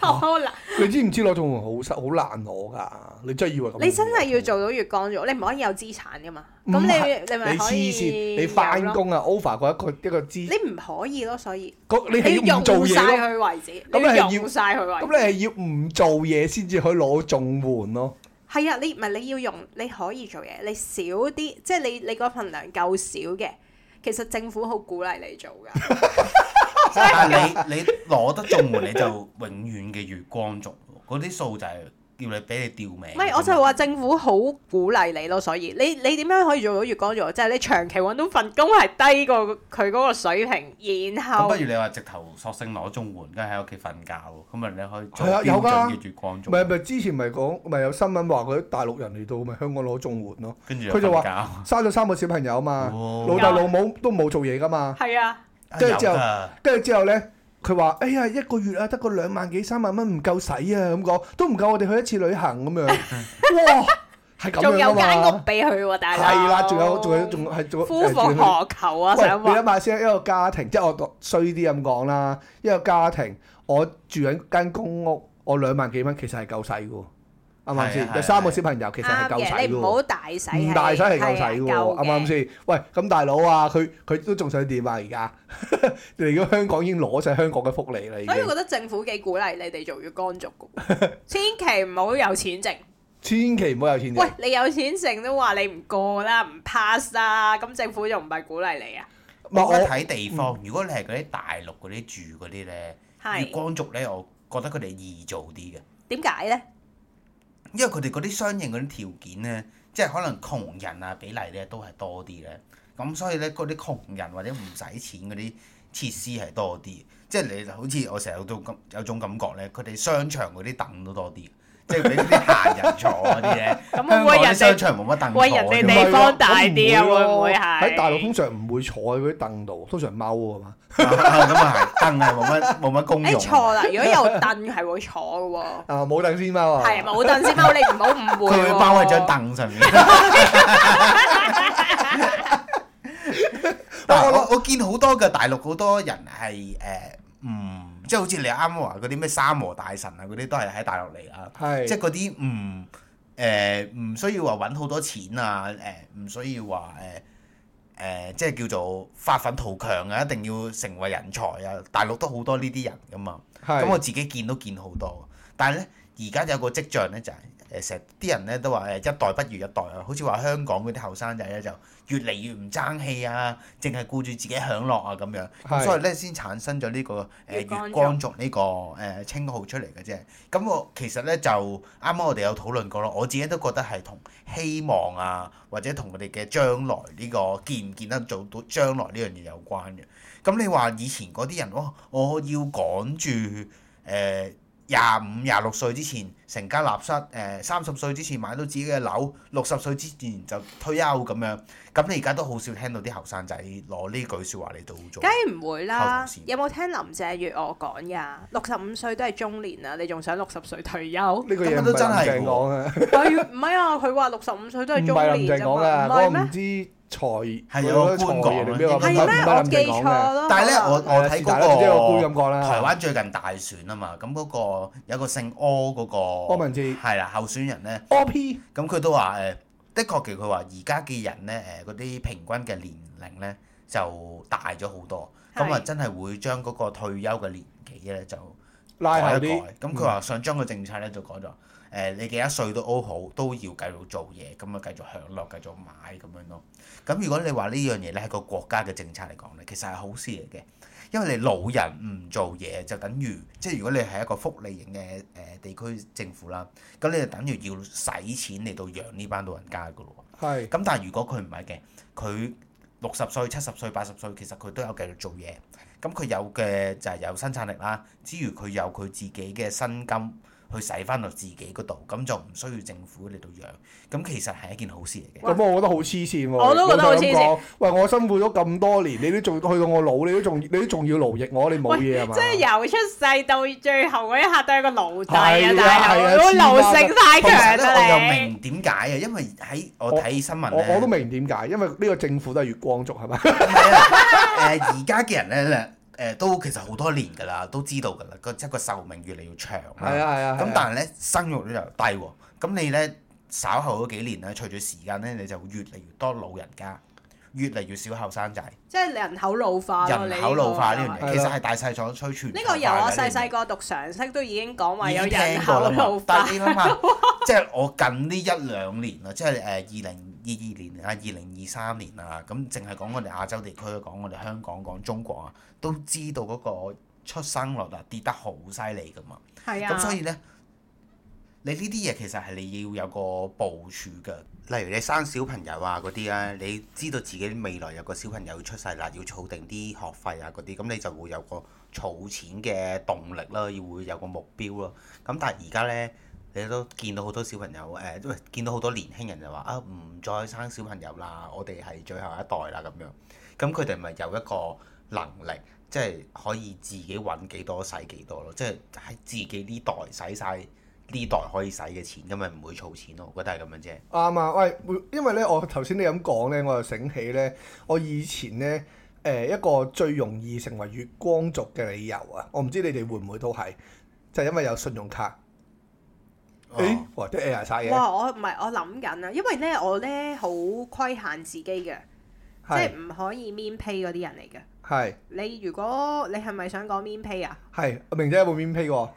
哦，你知唔知攞綜援好實好難攞噶？你真係以為咁？你真係要做到月光族，你唔可以有資產噶嘛？咁你你咪可以你翻工啊？Over 嗰一個一個資你唔可以咯，所以你用曬佢為止，咁你用曬佢為止，咁你係要唔做嘢先至可以攞綜援咯？係啊，你唔係你要用，你可以做嘢，你少啲，即係你你份糧夠少嘅，其實政府好鼓勵你做㗎。但係你 你攞得綜援你就永遠嘅月光族，嗰啲數就係叫你俾你吊命。唔係，我就話政府好鼓勵你咯，所以你你點樣可以做到月光族？即係你長期揾到份工係低過佢嗰個水平，然後咁不如你話直頭索性攞綜援，跟住喺屋企瞓覺喎，咁咪你可以做標準嘅月光族。唔係唔係，之前咪講咪有新聞話嗰啲大陸人嚟到咪香港攞綜援咯，跟住佢就話生咗三個小朋友嘛，哦、老豆老母都冇做嘢噶嘛，係啊。跟住之後，跟住的之後咧，佢話：哎呀，一個月啊，得個兩萬幾三萬蚊唔夠使啊，咁講都唔夠我哋去一次旅行咁樣。哇，係咁仲有間屋俾佢，啊，大佬係啦，仲有仲有仲係。夫復何求啊？喂問你諗下先，一個家庭，即係我講衰啲咁講啦，一個家庭，我住喺間公屋，我兩萬幾蚊，其實係夠使嘅。啱唔啱先？第三個小朋友，其實係夠使嘅喎。唔好大使，唔大使係夠使嘅喎，啱唔啱先？喂，咁大佬啊，佢佢都仲想點啊？而家嚟到香港已經攞曬香港嘅福利啦。所以我覺得政府幾鼓勵你哋做月光族嘅，千祈唔好有錢剩，千祈唔好有錢剩。喂，你有錢剩都話你唔過啦，唔 pass 啦，咁政府仲唔係鼓勵你啊？我睇地方，如果你係嗰啲大陸嗰啲住嗰啲咧，月光族咧，我覺得佢哋易做啲嘅。點解咧？因為佢哋嗰啲相應嗰啲條件咧，即係可能窮人啊比例咧都係多啲咧，咁所以咧嗰啲窮人或者唔使錢嗰啲設施係多啲，即係你就好似我成日都咁，有種感覺咧，佢哋商場嗰啲凳都多啲。即係俾啲客人坐嗰啲嘢，香港商場冇乜凳坐，香港地方大啲啊，會唔會係？喺大陸通常唔會坐喺嗰啲凳度，通常踎啊嘛。咁啊，凳係冇乜冇乜功用。你錯啦，如果有凳係會坐㗎喎。啊，冇凳先踎。係冇凳先踎，你唔好誤會。佢會踎喺張凳上面。但係我我見好多嘅大陸好多人係誒唔。即係好似你啱話嗰啲咩三和大神啊，嗰啲都係喺大陸嚟啊，是即係嗰啲唔誒唔需要話揾好多錢啊，誒、呃、唔需要話誒誒即係叫做發奮圖強啊，一定要成為人才啊！大陸都好多呢啲人噶嘛，咁是我自己見都見好多。但係呢，而家有個跡象呢，就係誒成日啲人呢都話誒一代不如一代啊，好似話香港嗰啲後生仔呢就，就越嚟越唔爭氣啊，淨係顧住自己享樂啊咁樣，咁係所以咧先產生咗呢、呢個誒月、呃、光族呢、呢個誒、呃、稱號出嚟嘅啫。咁我其實咧就啱啱我哋有討論過咯，我自己都覺得係同希望啊，或者同我哋嘅將來呢、呢個見唔見得做到將來呢樣嘢有關嘅。咁你話以前嗰啲人，哇、哦！我要趕住誒。呃廿五廿六歲之前成家立室，誒三十歲之前買到自己嘅樓，六十歲之前就退休咁樣。咁你而家都好少聽到啲後生仔攞呢句説話嚟到做。梗係唔會啦，有冇聽林鄭月娥講呀？六十五歲都係中年啦，你仲想六十歲退休？呢個嘢都唔係林鄭講 啊。唔係啊，佢話六十五歲都係中年啫嘛。咩？財系有觀光嚟咩？係咩？我記錯咯。但係咧，我我睇嗰個台灣最近大選啊嘛，咁嗰個有個姓柯嗰個柯文哲係啦，候選人咧柯 P。咁佢都話誒，的確其實佢話而家嘅人咧，誒嗰啲平均嘅年齡咧就大咗好多，咁啊真係會將嗰個退休嘅年紀咧就拉一拉。咁佢話想將個政策咧就改咗。誒你幾多歲都好，都要繼續做嘢，咁啊繼續享樂，繼續買咁樣咯。咁如果你話呢樣嘢咧，喺個國家嘅政策嚟講咧，其實係好事嚟嘅，因為你老人唔做嘢就等於，即係如果你係一個福利型嘅誒地區政府啦，咁你就等於要使錢嚟到養呢班老人家噶咯。係是。咁但係如果佢唔係嘅，佢六十歲、七十歲、八十歲，其實佢都有繼續做嘢，咁佢有嘅就係有生產力啦，之餘佢有佢自己嘅薪金。去使翻落自己嗰度，咁就唔需要政府嚟到養。咁其實係一件好事嚟嘅。咁、嗯嗯、我覺得好黐線喎！我都覺得好黐線。喂，我辛苦咗咁多年，你都仲去到我老，你都仲你都仲要勞役我，你冇嘢係嘛？即係由出世到最後嗰一刻都一，都係個奴隸啊！大佬，你奴、啊啊、性太強我又明點解啊？因為喺我睇新聞我都明點解，因為呢個政府都係月光族係咪？而家嘅人咧。誒、呃、都其實好多年㗎啦，都知道㗎啦，個即係個壽命越嚟越長。係啊係啊。咁但係咧，生育率又低喎。咁你咧稍後嗰幾年咧，隨住時間咧，你就越嚟越多老人家，越嚟越少後生仔。即係人，人，人口老化。人口老化呢樣嘢，其實係大細所催傳。呢個由我細細個讀常識都已經講話有人口老化。 但係你諗下，即係 我近呢一兩年啦，即係誒二零。二二年啊，二零二三年啊，咁淨係講我哋亞洲地區，講我哋香港、講中國啊，都知道嗰個出生率啊跌得好犀利噶嘛。係啊。咁所以咧，你呢啲嘢其實係你要有個部署嘅。例如你生小朋友啊嗰啲咧，你知道自己未來有個小朋友出世嗱，要儲定啲學費啊嗰啲，咁你就會有個儲錢嘅動力啦，要會有個目標咯。咁但係而家咧。你都見到好多小朋友誒，因為見到好多年輕人就話啊，唔再生小朋友啦，我哋係最後一代啦咁樣。咁佢哋咪有一個能力，即係可以自己揾幾多使幾多咯，即係喺自己呢代使晒呢代可以使嘅錢，咁咪唔會儲錢咯。我覺得係咁樣啫。啱啊，喂，因為呢，我頭先你咁講呢，我又醒起呢。我以前呢，誒、呃、一個最容易成為月光族嘅理由啊，我唔知你哋會唔會都係，就係、因為有信用卡。誒，哇、oh，欸，都 air 曬嘅。哇，我唔係，我諗緊啊，因為咧，我咧好規限自己嘅，是即係唔可以面 pay 嗰啲人嚟嘅。係是。你如果你係咪想講面 pay 啊？係，阿明姐有冇面 pay 喎？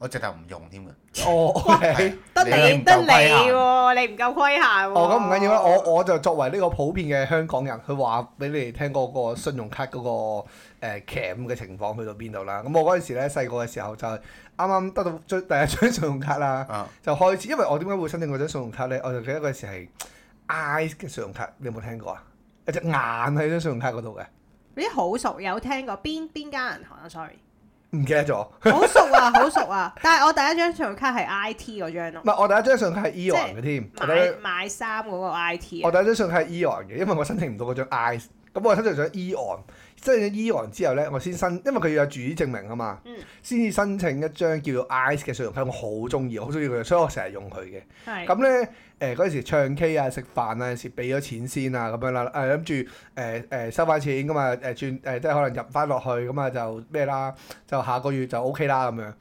我直頭唔用添㗎，哦，okay, 對得你，你得你喎、啊，你唔夠規限喎、啊。哦，咁唔緊要啦，我我就作為呢個普遍嘅香港人，佢話俾你哋聽嗰個信用卡嗰、那個誒 cam 嘅、呃、情況去到邊度啦。咁我嗰陣時咧細個嘅時候就啱啱得到最第一張信用卡啦，啊、就開始，因為我點解會申請嗰張信用卡咧？我就記得嗰時係 ICE 嘅信用卡，你有冇聽過啊？一隻眼喺張信用卡嗰度嘅。你好熟有聽過邊邊間銀行啊？Sorry。唔記得咗，好熟啊，好熟啊！但係我第一張信用卡係 IT 嗰張咯。唔係，我第一張信用卡係 EON 嘅添。買買衫嗰個 IT。我第一張信用卡係 EON 嘅，因為我申請唔到嗰張 ICE，咁我申請咗 EON。即係醫完之後咧，我先申，因為佢要有住址證明啊嘛，嗯、先至申請一張叫做 ICE 嘅信用卡，我好中意，好中意佢，所以我成日用佢嘅。咁咧是，誒嗰陣時唱 K 啊、食飯啊，有時俾咗錢先啊，咁樣啦，誒諗住誒誒收翻錢噶嘛，誒、啊、轉誒即係可能入翻落去，咁啊就咩啦，就下個月就 OK 啦咁樣。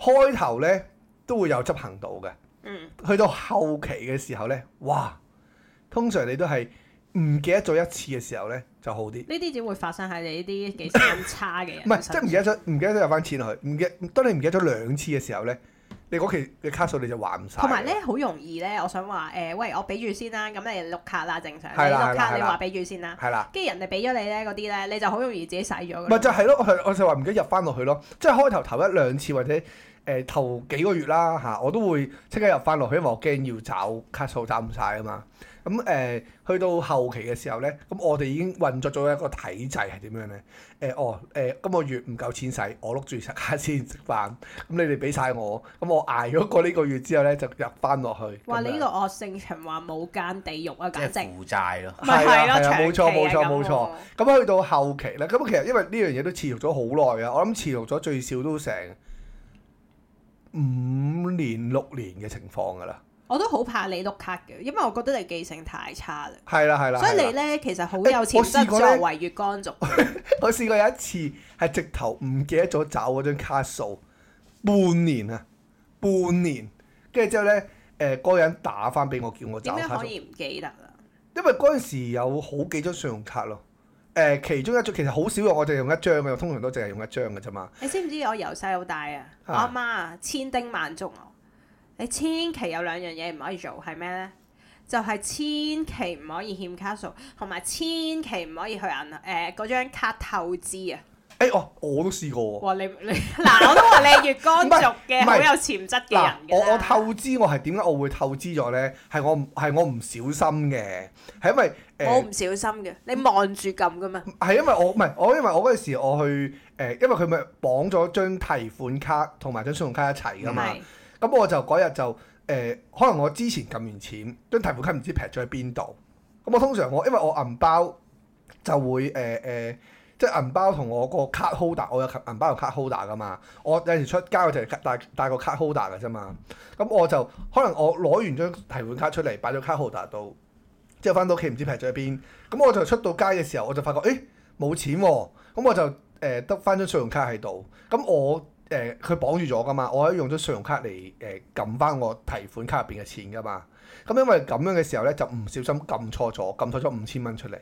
開頭咧都會有執行到嘅，嗯，去到後期嘅時候咧，哇，通常你都係。唔記得咗一次嘅時候咧就好啲。呢啲只會發生喺你呢啲記性差嘅人。唔係 是，上即係而家想唔記得咗入翻錢落去，唔記當你唔記得咗兩次嘅時候咧，你嗰期嘅卡數你就還唔晒。同埋咧好容易咧，我想話誒、呃，喂，我俾住先啦、啊，咁你碌卡啦正常，啊、你碌卡、啊、你話俾住先啦、啊，係啦、啊。跟住人哋俾咗你咧嗰啲咧，你就好容易自己洗咗。咪就係、是、咯，我就話唔記得入翻落去咯，即係開頭頭一兩次或者誒頭、呃、幾個月啦嚇、啊，我都會即刻入翻落去，因為我驚要找卡數找唔晒啊嘛。咁誒、嗯、去到後期嘅時候咧，咁、嗯、我哋已經運作咗一個體制係點樣咧？誒、嗯、哦誒、嗯，今個月唔夠錢使，我碌住食卡先食飯，咁、嗯、你哋俾晒我，咁、嗯、我挨咗過呢個月之後咧，就入翻落去。嗯哇這個、話你呢個惡性循環冇間地獄啊！簡直負債咯、啊，咪係咯，長期咁。冇錯冇錯冇錯。咁去到後期咧，咁、嗯、其實因為呢樣嘢都持續咗好耐啊，我諗持續咗最少都成五年六年嘅情況㗎啦。我都好怕你碌卡嘅，因為我覺得你記性太差啦。係啦，係啦。所以你咧其實好有潛質做月光族。我試過有一次係直頭唔記得咗找嗰張卡數，半年啊，半年，跟住之後咧，誒、呃嗰個人打翻俾我，叫我點解可以唔記得啊？因為嗰陣時有好幾張信用卡咯，誒、呃、其中一張其實好少用我，我就用一張嘅，我通常都淨係用一張嘅啫嘛。你知唔知我由細到大啊？啊我阿媽啊，千叮萬囑我你千祈有兩樣嘢唔可以做，係咩咧？就係、係、千祈唔可以欠卡數，同埋千祈唔可以去銀行。嗰、呃、張卡透支啊！誒、欸哦，我我都試過喎。哇！你你嗱， 我都話你係月光族嘅，好是有潛質嘅人。嗱，我我，我透支我係點解我會透支咗咧？係我係我唔小心嘅，係因、呃、因為我唔小心嘅，你望住咁㗎嘛？係因為我唔係我、呃，因為我嗰陣時我去誒，因為佢咪綁咗張提款卡同埋張信用卡一齊㗎嘛。咁、嗯、我就嗰日就誒、呃，可能我之前撳完錢，張提款卡唔知劈咗喺邊度。咁、嗯、我通常我因為我銀包就會誒誒、呃呃，即係銀包同我個卡 holder，我有銀包有卡 holder 噶嘛。我有時出街就、嗯、我就帶帶個卡 holder 噶啫嘛。咁我就可能我攞完張提款卡出嚟，擺咗卡 holder 度，之後翻到屋企唔知劈咗喺邊。咁、嗯、我就出到街嘅時候，我就發覺誒冇、欸、錢喎、啊。咁、嗯、我就誒、呃、得翻張信用卡喺度。咁、嗯、我。誒佢、呃、綁住咗噶嘛，我喺用咗信用卡嚟誒撳翻我提款卡入邊嘅錢噶嘛，咁因為咁樣嘅時候咧，就唔小心撳錯咗，撳錯咗五千蚊出嚟。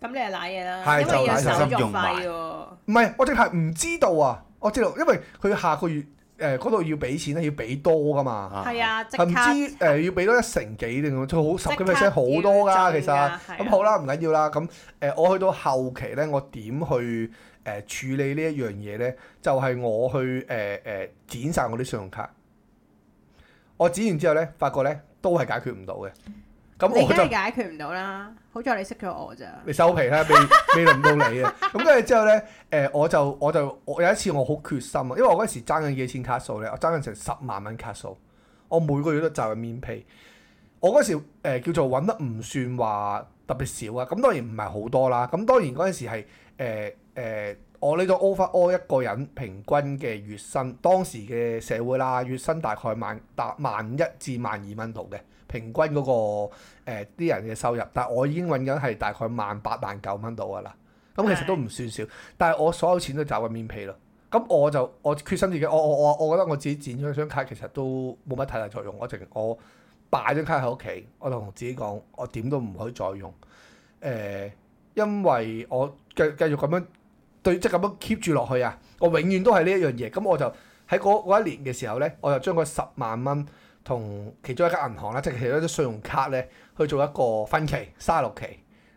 咁你係賴嘢啦，因為有手續費喎。唔係，我淨係唔知道啊，我知道，因為佢下個月誒嗰度要俾錢咧，要俾多噶嘛嚇。係啊，即係唔知誒要俾多一成幾定，佢好十幾 percent 好多㗎、啊，其實咁、呃呃呃、好啦，唔緊要啦。咁、嗯、誒，我、呃、去、呃呃、到後期咧，我點去？誒、呃、處理呢一樣嘢呢，就係、是、我去誒誒、呃呃、剪曬我啲信用卡。我剪完之後呢，發覺呢都係解決唔到嘅。咁、嗯嗯、你梗係解決唔到啦，好在你識咗我咋？ 你收皮啦，未輪到你啊！咁跟住之後呢，誒、呃、我就我就我有一次我好決心，啊，因為我嗰時爭緊幾千卡數呢，我爭緊成十萬蚊卡數，我每個月都賺緊面皮。我嗰時誒、呃、叫做揾得唔算話特別少啊，咁當然唔係好多啦。咁當然嗰陣時係誒、呃，我呢個 overall 一個人平均嘅月薪，當時嘅社會啦，月薪大概萬百萬一至萬二蚊度嘅平均嗰、那個啲、呃、人嘅收入，但係我已經揾緊係大概萬八萬九蚊度嘅啦。咁其實都唔算少，的但係我所有錢都找緊面皮咯。咁我就我決心自己，我我我我覺得我自己剪咗張卡，其實都冇乜太大作用。我直情我擺張卡喺屋企，我就同自己講，我點都唔可以再用。誒、呃，因為我繼續繼續咁樣。對，即咁樣 keep 住落去啊！我永遠都係呢一樣嘢，咁我就喺嗰一年嘅時候呢，我就將個十萬蚊同其中一間銀行啦，即係其中一張信用卡呢去做一個分期，三十六期。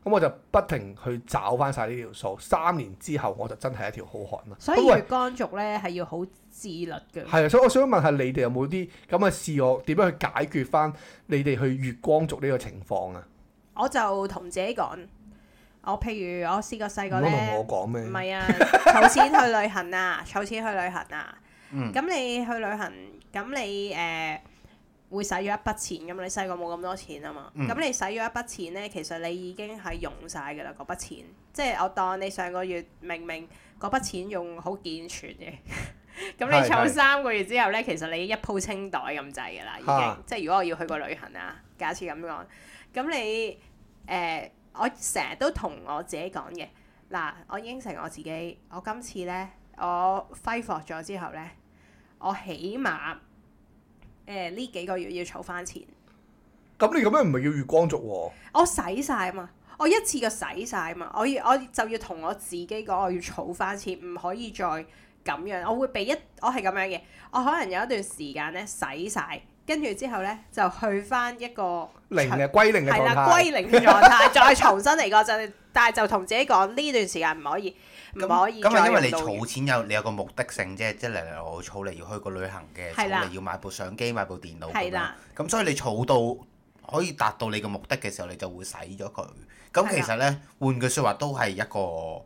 咁我就不停去找翻晒呢條數，三年之後我就真係一條好漢啦。所以月光族呢係要好自律嘅。係啊，所以我想問下你哋有冇啲咁嘅事，我點樣去解決翻你哋去月光族呢個情況啊？我就同自己講。我譬如我試過細個咧，我講咩，唔係啊，儲 錢去旅行啊，儲錢去旅行啊。咁、嗯、你去旅行，咁你誒、呃、會使咗一筆錢咁。你細個冇咁多錢啊嘛。咁、嗯、你使咗一筆錢咧，其實你已經係用晒嘅啦嗰筆錢。即係我當你上個月明明嗰筆錢用好健全嘅，咁 你儲三個月之後咧，其實你一鋪清袋咁滯嘅啦。已經哈即係如果我要去個旅行啊，假設咁講，咁你誒。呃我成日都同我自己講嘅，嗱，我應承我自己，我今次咧，我揮霍咗之後咧，我起碼誒呢、呃、幾個月要儲翻錢。咁你咁樣唔係要月光族喎、哦？我洗晒啊嘛，我一次過洗晒啊嘛，我要我就要同我自己講，我要儲翻錢，唔可以再咁樣。我會俾一，我係咁樣嘅。我可能有一段時間咧，洗晒。跟住之後呢，就去翻一個零嘅歸零嘅狀態。係啦，歸零嘅狀態，再重新嚟過。就但係就同自己講呢段時間唔可以，唔可以。咁啊，因為你儲錢有你有個目的性啫，即係嚟嚟我來儲嚟要去個旅行嘅，儲嚟，係啦，要買部相機、買部電腦咁樣。係啦，咁所以你儲到可以達到你嘅目的嘅時候，你就會使咗佢。咁其實呢，換句説話，都係一個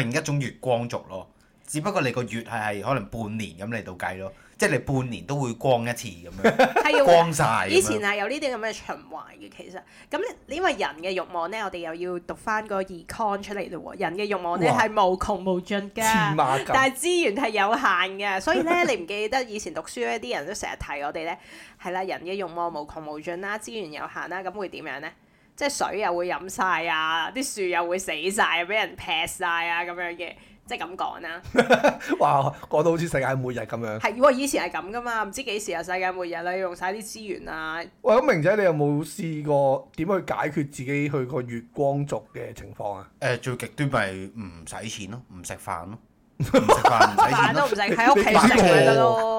另一種月光族咯。只不過你個月係係可能半年咁嚟到計咯。即係你半年都會光一次咁樣，光晒 以前係有呢啲咁嘅循環嘅，其實咁咧，因為人嘅欲望呢，我哋又要讀翻個 econ 出嚟咯。人嘅欲望呢係哇無窮無盡㗎，但係資源係有限嘅，所以呢，你唔記得以前讀書咧，啲人都成日提我哋呢，係啦，人嘅欲望無窮無盡啦，資源有限啦，咁會點樣呢？即係水又會飲晒啊，啲樹又會死晒，俾人劈晒啊，咁樣嘅。即係咁講啦， 哇，講到好似世界末日咁樣。如果以前係咁噶嘛，唔知幾時又世界末日啦，要用晒啲資源啊。喂，咁明仔你有冇試過點去解決自己去個月光族嘅情況啊？誒、呃，最極端咪唔使錢咯，唔食飯咯，唔食飯唔使錢 飯都唔使喺屋企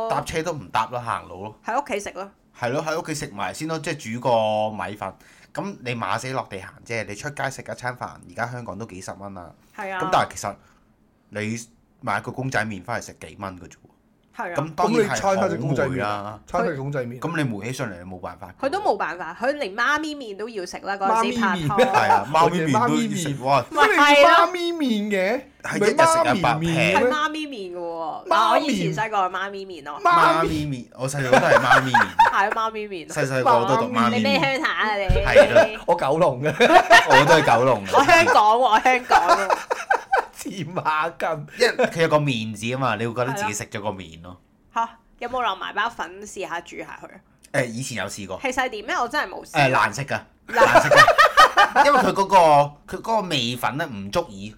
食，搭車都唔搭咯，行路咯，喺屋企食咯，係咯，喺屋企食埋先咯，即係煮個米粉。咁你馬死落地行啫，你出街食一餐飯，而家香港都幾十蚊啊。係啊。咁但係其實。你買個公仔麵翻嚟食幾蚊嘅啫喎，係啊。咁當然係控制啦，控制公仔麵。咁你煤起上嚟，你冇辦法。佢都冇辦法，佢連媽咪麵都要食啦。嗰陣時拍拖，媽咪麵都要食。哇，咩媽咪麵嘅？係一日食一百麵，係媽咪麵嘅。我以前細個係媽咪麵咯。媽咪麵，我細個都係媽咪麵，係媽咪麵。細細個都讀媽咪麵。你咩鄉下啊？你係咯，我九龍嘅，我都係九龍。我香港，我香港。下麵因為佢有個面子啊嘛， 你會覺得自己食咗個麵咯、啊。嚇、 啊，有冇留埋包粉試下煮下佢啊？誒、呃，以前有試過。其實點咧，我真係冇試過。誒、呃，難食噶，難食噶， 因為佢嗰、那個佢嗰味粉咧，唔足以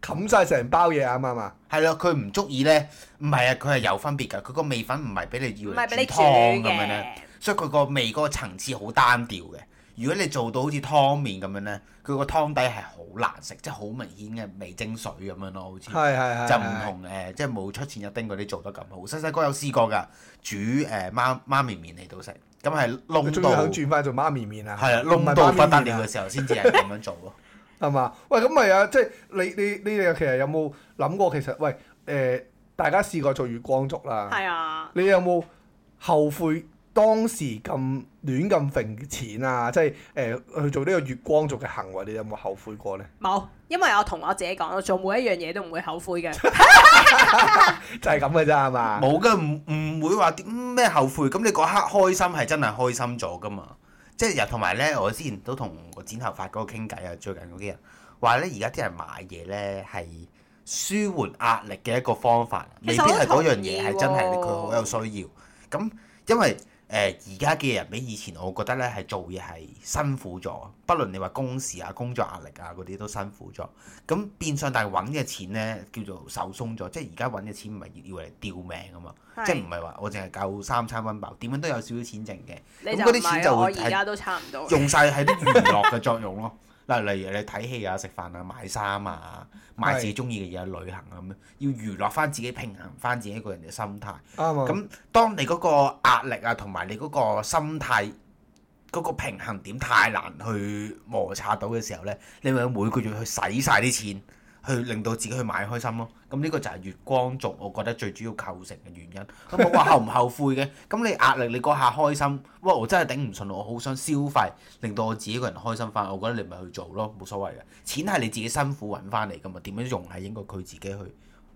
冚晒成包嘢，啱唔啱啊？係咯，佢唔足以咧，唔係啊，佢係有分別㗎。佢個味粉唔係俾你要嚟煮湯咁樣咧，所以佢個味嗰個層次好單調嘅。如果你做到好似湯麵咁樣咧，佢個湯底係好難食，即係好明顯嘅味精水咁樣咯，好似 就唔同誒， 即係冇出前一丁嗰啲做得咁好。細細個有試過噶，煮誒媽媽咪麵你都食，咁係燶到轉翻做媽咪麵啊，係啊，燶到不得了嘅時候先至係咁樣做咯，係嘛？ 喂，咁咪啊，即係你你你哋其實有冇諗過其實，喂誒、呃，大家試過做月光族啦， 你有冇後悔？當時咁亂咁揈錢啊，即係誒、呃、去做呢個月光族嘅行為，你有冇後悔過呢？冇，因為我同我自己講，我做每一樣嘢都唔會後悔嘅，就係咁嘅咋，係嘛？冇嘅，唔唔會話點咩後悔。咁你嗰刻開心係真係開心咗噶嘛？即係又同埋呢，我之前都同個剪頭髮嗰個傾偈啊，最近嗰幾日話呢，而家啲人買嘢呢係舒緩壓力嘅一個方法，其實 未必係嗰樣嘢係、哦、真係佢好有需要。咁因為誒而家嘅人比以前，我覺得咧係做嘢係辛苦咗，不論你話工時啊、工作壓力啊嗰啲都辛苦咗。咁變相但係揾嘅錢咧叫做手鬆咗，即係而家揾嘅錢唔係要嚟吊命啊嘛，是即係唔係話我淨係夠三餐溫飽，點樣都有少少錢剩嘅。咁嗰啲錢就會而家都差唔多用晒喺啲娛樂嘅作用咯。嗱，例如你睇戲啊、食飯啊、買衫啊、買自己中意嘅嘢、去旅行咁，要娛樂翻自己，平衡翻自己一個人嘅心態。咁、oh, right. 當你嗰個壓力啊，同埋你嗰個心態嗰個平衡點太難去摩擦到嘅時候咧，你咪會每個月要去使晒啲錢。去令到自己去買開心咯，咁呢個就係月光族，我覺得最主要構成嘅原因。咁冇話後唔後悔嘅，咁你壓力你嗰下開心，哇！我真係頂唔順，我好想消費，令到我自己一個人開心翻。我覺得你咪去做咯，冇所謂嘅。錢係你自己辛苦揾翻嚟嘅嘛，點樣用係應該佢自己去誒、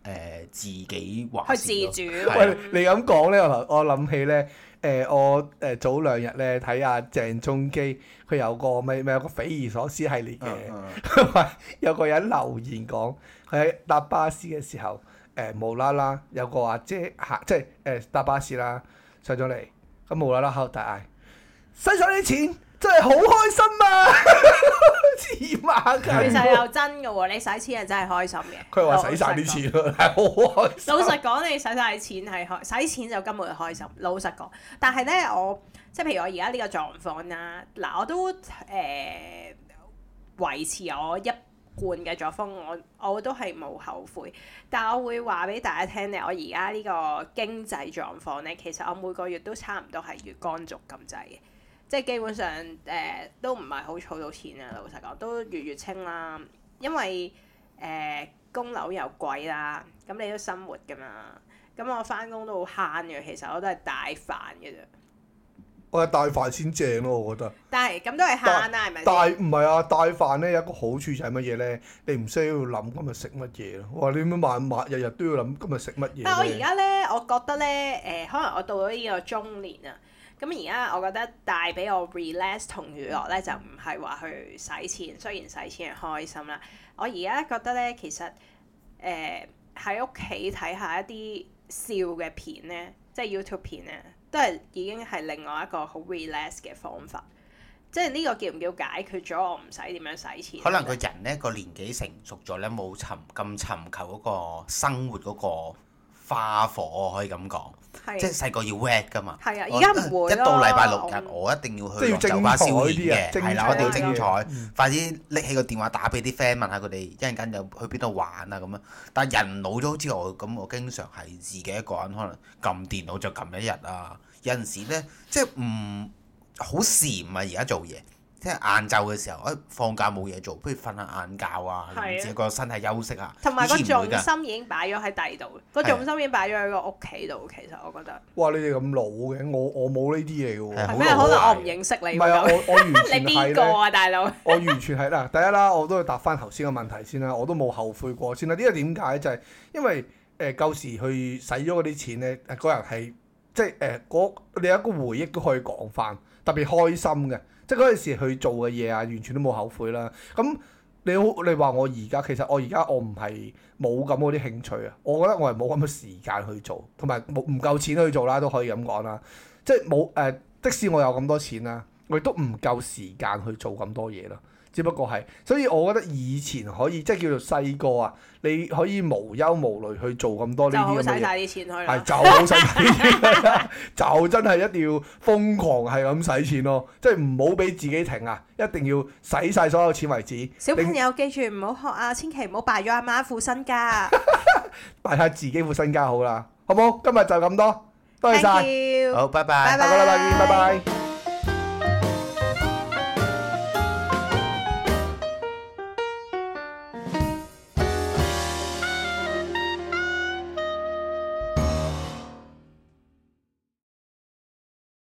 呃、自己話事咯。係自主。喂，你咁講呢，我我諗起呢。誒我誒、呃、早兩日咧睇阿鄭中基，佢有個咩咪有個匪夷所思系列嘅，有個人留言講，佢喺搭巴士嘅時候，誒無啦啦有個阿姐行即係誒搭巴士啦上咗嚟，咁無啦啦喺度大嗌，身上啲錢真係好開心啊！其實又真㗎喎。哦，你使錢係真係開心嘅。佢話使晒啲錢咯，好開、開心。老實講，你使晒錢係開，使錢就根本開心。老實講，但係咧，我即係譬如我而家呢個狀況啦，嗱，我都誒、呃、維持我一貫嘅作風，我我都係冇後悔。但係我會話俾大家聽咧，我而家呢個經濟狀況咧，其實我每個月都差唔多係月光族咁滯嘅。即係基本上誒、呃、都唔係好儲到錢啊！老實講，都月月清啦。因為誒供、呃、樓又貴啦，咁你都生活㗎嘛。咁我返工都好慳嘅，其實我都係帶飯嘅啫。我係帶飯先正咯、啊，我覺得。但係咁都係慳但吧啊，係咪？帶唔係啊？帶飯咧有一個好處就係乜嘢咧？你唔需要諗今日食乜嘢咯。我話你點樣買買日日都要諗今日食乜嘢。但係我而家咧，我覺得咧誒、呃，可能我到咗呢個中年啊。咁而家我覺得帶俾我 relax 同娛樂咧，就唔係話去使錢。雖然使錢係開心啦，我而家覺得咧，其實誒喺屋企睇下一啲笑嘅片咧，即係 YouTube 片咧，都係已經係另外一個好 relax 嘅方法。即係呢個叫唔叫解決咗我唔使點樣使錢？可能個人咧個年紀成熟咗咧，冇尋咁尋求嗰個生活嗰個。化火可以咁講，是即係細個要玩㗎嘛。係啊，而家唔會一到禮拜六日，我，我一定要去酒吧消遣嘅，係啦、啊，我要精彩。快啲拎起個電話打俾啲 friend 問下佢哋，一陣間又去邊度玩啊咁樣！但係人老咗之後，咁我，我經常係自己一個人，可能撳電腦就撳一日啊。有陣時呢，即係唔好羨啊！而家做嘢。即係晏晝嘅時候，誒、哎、放假冇嘢做，不如瞓下晏覺啊，或者個身體休息啊，同埋個重心已經擺咗喺第二度，個重心已經擺咗喺個屋企度。其實我覺得哇，你哋咁老嘅，我我冇呢啲嘢喎，係咪？可能我唔認識你，唔係啊！你邊個啊大佬！我我完全係嗱、 啊， 第一啦，我都要答翻頭先嘅問題先啦，我都冇後悔過先啦。呢個點解就係、是、因為誒舊、呃、時去使咗嗰啲錢咧，嗰人係即係誒嗰你有一個回憶都可以講翻，特別開心嘅。即嗰陣時去做嘅嘢啊，完全都冇後悔啦。咁、嗯、你好，你話我而家其實我而家我唔係冇咁嗰啲興趣啊，我覺得我係冇咁嘅時間去做，同埋冇唔夠錢去做啦，都可以咁講啦。即係冇誒，即使我有咁多錢啦，我亦都唔夠時間去做咁多嘢啦。只不過係，所以我覺得以前可以即係叫做細個啊，你可以無憂無慮去做咁多呢啲咁嘅嘢。就好使曬啲錢去。係，就好使曬啲錢，就真係一定要瘋狂係咁使錢咯，即係唔好俾自己停啊！一定要使晒所有錢為止。小朋友你記住唔好學啊，千祈唔好敗咗阿媽副身家。敗 下自己副身家好啦，好冇？今日就咁多，多謝曬 Thank you.，好拜拜，拜拜。